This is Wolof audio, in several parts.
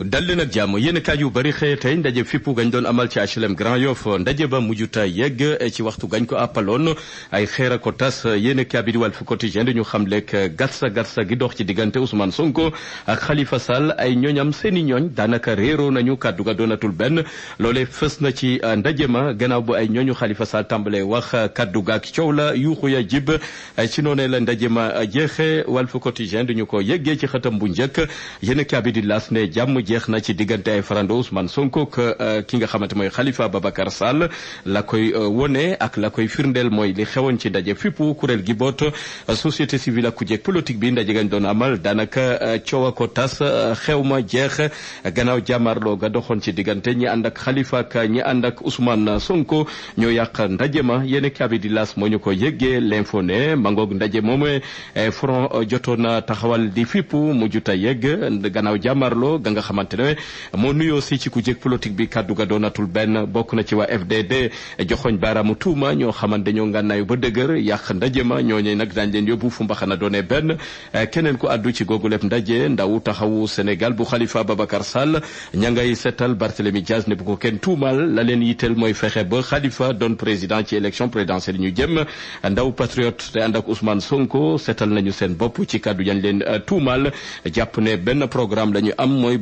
dal leen ak jàmm yéen kaay yu bari xëy tey ndaje fippu gañ doon amal ci HLM Grand Yoff ndaje ba mujjuta yegg eh, ci waxtu gañ ko àppaloon ay xeer a ko tas yéen kaay bi di Walf Quotidien dañu xam lekk gatsa gatsa gi dox ci diggante Ousmane Sonko ak Khalifa Sall ay ñoñam seeni ñooñ daanaka réeroo nañu kàddu ga benn loole fës na ci eh, ndaje ma gannaaw bu ay ñooñu Khalifa Sall tàmbalee wax eh, kàddu ak coow la yuuxu ya jib ci noonee la ndaje ma jeexee Walf Quotidien dañu ko yeggee ci xëtam bu njëkk yéen kaay L'As ne jàmm jeex na ci diggante ay farando Ousmane Sonko ak euh, ki nga xamante mooy Khalifa Babacar Sall la koy euh, wone ak la koy firndeel mooy li xewoon ci ndaje fippu kuréel gi boot euh, société civile ak kujjeeg politique bi ndaje gañ doon amal daanaka coow ko tas xew ma jeex gannaaw jàmmarloo ga doxoon ci diggante ñi ànd ak Khalifa ak ñi Sonko ñoo yàq ndaje ma yéen kaabi di las ko yëggee l'info ne mangoog ndaje moom nga xamante ne moo nuyoo si ci ku jég politique bi kàddu ga doonatul benn bokk na ci waa FDD joxoñ baaraamu tuuma ñoo xamante ñoo ngànnaayu ba dëgër yàq ndaje ma ñooñu nag daañ leen yóbbu fu mbaxana doone benn keneen ku àddu ci googu lépp ndaje ndawu taxawu Sénégal bu Khalifa Babacar Sall ña ngay seetal Barthélemy Diaz ne bu ko kenn tuumaal la leen yitteel mooy fexe ba Khalifa doon président ci élection présidentielle ñu jëm ndaw patriote te ànd ak Ousmane Sonko seetal nañu seen bopp ci kàddu yañ leen tuumaal jàpp ne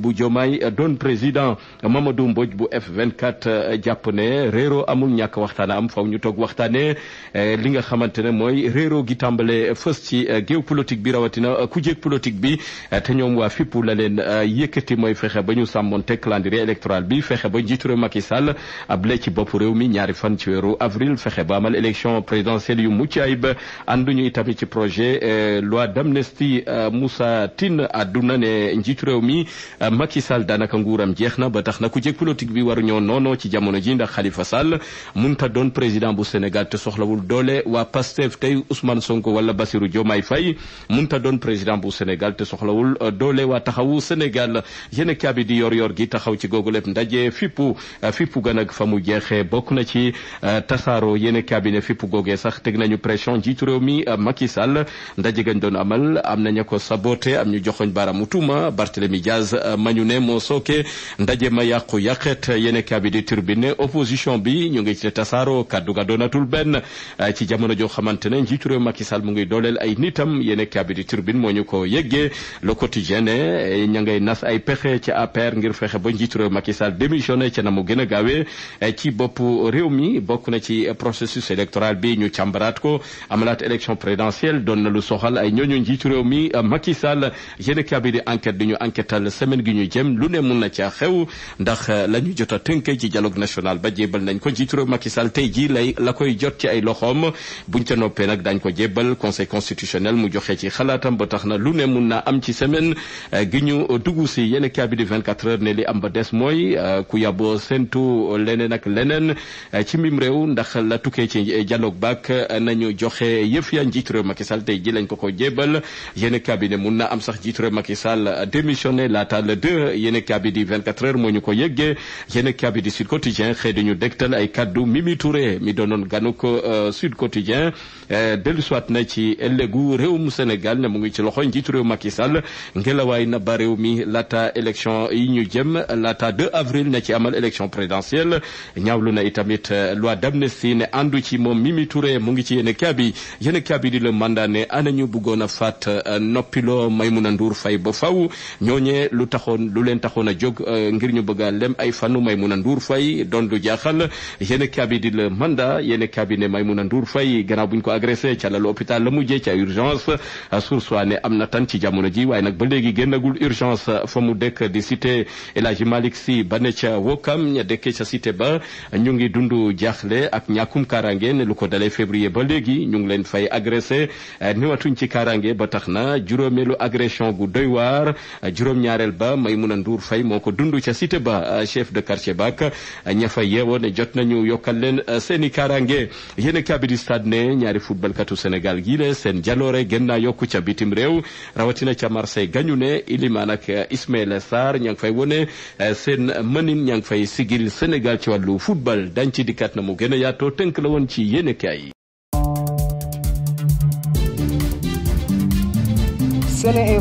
bu Diomaye doon président Mamadou mboj bu F24 eh, jàpp ne réero amul ñàkk waxtaan am faw ñu toog waxtaanee eh, li nga xamante ne mooy réero gi tàmbale fës ci eh, géew politique bi rawatina ku jéeg politique bi te ñoom waa fippu la leen yëkkati mooy fexe ba ñu sàmmonte calendrier électoral bi fexe ba njiitu réew Macky Sall ab ci bopp réew mi ñaari fan ci weeru avril fexe ba amal élection présidentielle yu mucc ayib ànduñu tamit ci projet loi d'amnistie musa Tine àdduna ne njiitu réew mi Macky Sall daanaka nguuram jeex na ba tax na ku jeg politique bi waruñoo noonoo ci jamono ji ndax Khalifa Sall munta doon président bu Sénégal te soxlawul doole waa Pastef tey Ousmane Sonko wala Bassirou Diomaye Faye munta doon président bu Sénégal te soxlawul euh, doole waa taxawu Sénégal yéen kaabi di yor yor gi taxaw ci googu lépp ndaje fippu euh, fippu gan ak fa mu jeexee bokk na ci euh, tasaaro yéen kaabi ne fippu googee sax teg nañu pression njiitu réew mi Macky Sall ndaje gañ doon amal am na ko saboté am ñu joxoñ baaraamu tuuma Barthélémy Diaz Mañune moo sooke ndaje ma yàqu yàqet yéen bi di turbine opposition bi ñu ngi ci tasaaro kaddu ga doonatul benn ci jamono joo xamante ne njiitu réew Macky Sall mu ngi dooleel ay nitam yéen bi di turbine moo ñu ko yëggee le quotidien ne ña ngay nas ay pexe ci APR ngir fexe ba njiitu réew Macky Sall démissionné ca mu gën a gaawee ci boppu réew mi bokk na ci processus électoral bi ñu càmbaraat ko amalaat élection présidentielle doon na soxal ay ñooñu njiitu réew mi Macky Sall yéen bi di ñu enquêtal semaine jëm gi ñu jëm lu ne mun na caa xew ndax euh, la ñu jot ci dialogue national ba jébal nañ ko jiitu réew Macky Sall tey jii la koy jot ci ay loxoom buñ ca noppee nag daañ ko jébal conseil constitutionnel mu joxe ci xalaatam ba tax na lu ne mun naa am ci semaine euh, gi ñu dugg si yéen a bi di 24 heures ne li am ba des mooy euh, ku yaboo sentu leneen ak leneen ci mim réew ndax la ci dialogue baak nañu joxe yëf ya ji lañ ko ko jébal yéen a bi ne mun naa am sax njiitu réew Macky laata le yenn yéen kabi di 24 heures moo ñu ko yëggee yéen kabi di Sud Quotidien xëy dañu dégtal ay kaddu Mimi Touré mi doonoon ganuk euh, Sud Quotidien euh, dellusiwaat na ci ëllëgu mu Sénégal ne mu ngi ci loxo njiitu réew Macky Sall ngelawaay na ba réew mi laata élection yi ñu jëm laata 2 avril na ci amal élection présidentielle ñaawlu na itamit euh, loi d'amnistie ne àndu ci moom Mimi Touré mu ngi ci yéen kabi yéen kabi la le mandat ne anañu bëggoon a faat noppiloo Maimouna Ndour Faye ba faw ñooñee lu tax taxoon lu leen taxoon a jóg euh, ngir ñu bëgg a lem ay fanu Maimouna Ndour Faye doon du jaaxal yéen kabi di le mandat yéen kabi ne Maimouna Ndour Faye fay bu buñ ko agressé ca lalu hôpital la mujjee ca urgence sursoit ne am na tan ci jamono ji waaye nag ba léegi génnagul urgence fa mu dëkk di cité El Hadji Malick Sy ba ne ca Wokam ña dëkkee ca cité ba ñu ngi dund jaaxle ak ñàkkum kaaraange ne lu ko dalee février ba léegi ñu ngi leen fay agressé niwatuñ ci kaaraange ba tax na juróomeelu agression gu doy waar ba Maymuna Ndour Faye moo ko dund ca cité ba euh, chef de quartier ba ak euh, ña fa yeewoo ne euh, jot nañu yokkal leen seen i kaaraange yéen a kaabidi stade ne ñaari football katu Sénégal gii la seen jaloore gën naa yokku ca bitim réew rawatina ca Marseille gañu ne Iliman ak Ismaïla Sarr ña ngi fay wone seen mënin ña ngi fay sigil senegal ci wàllu football dañ ci dikkaat na mu gën a yaatoo tënk la woon ci yéen kaay Sene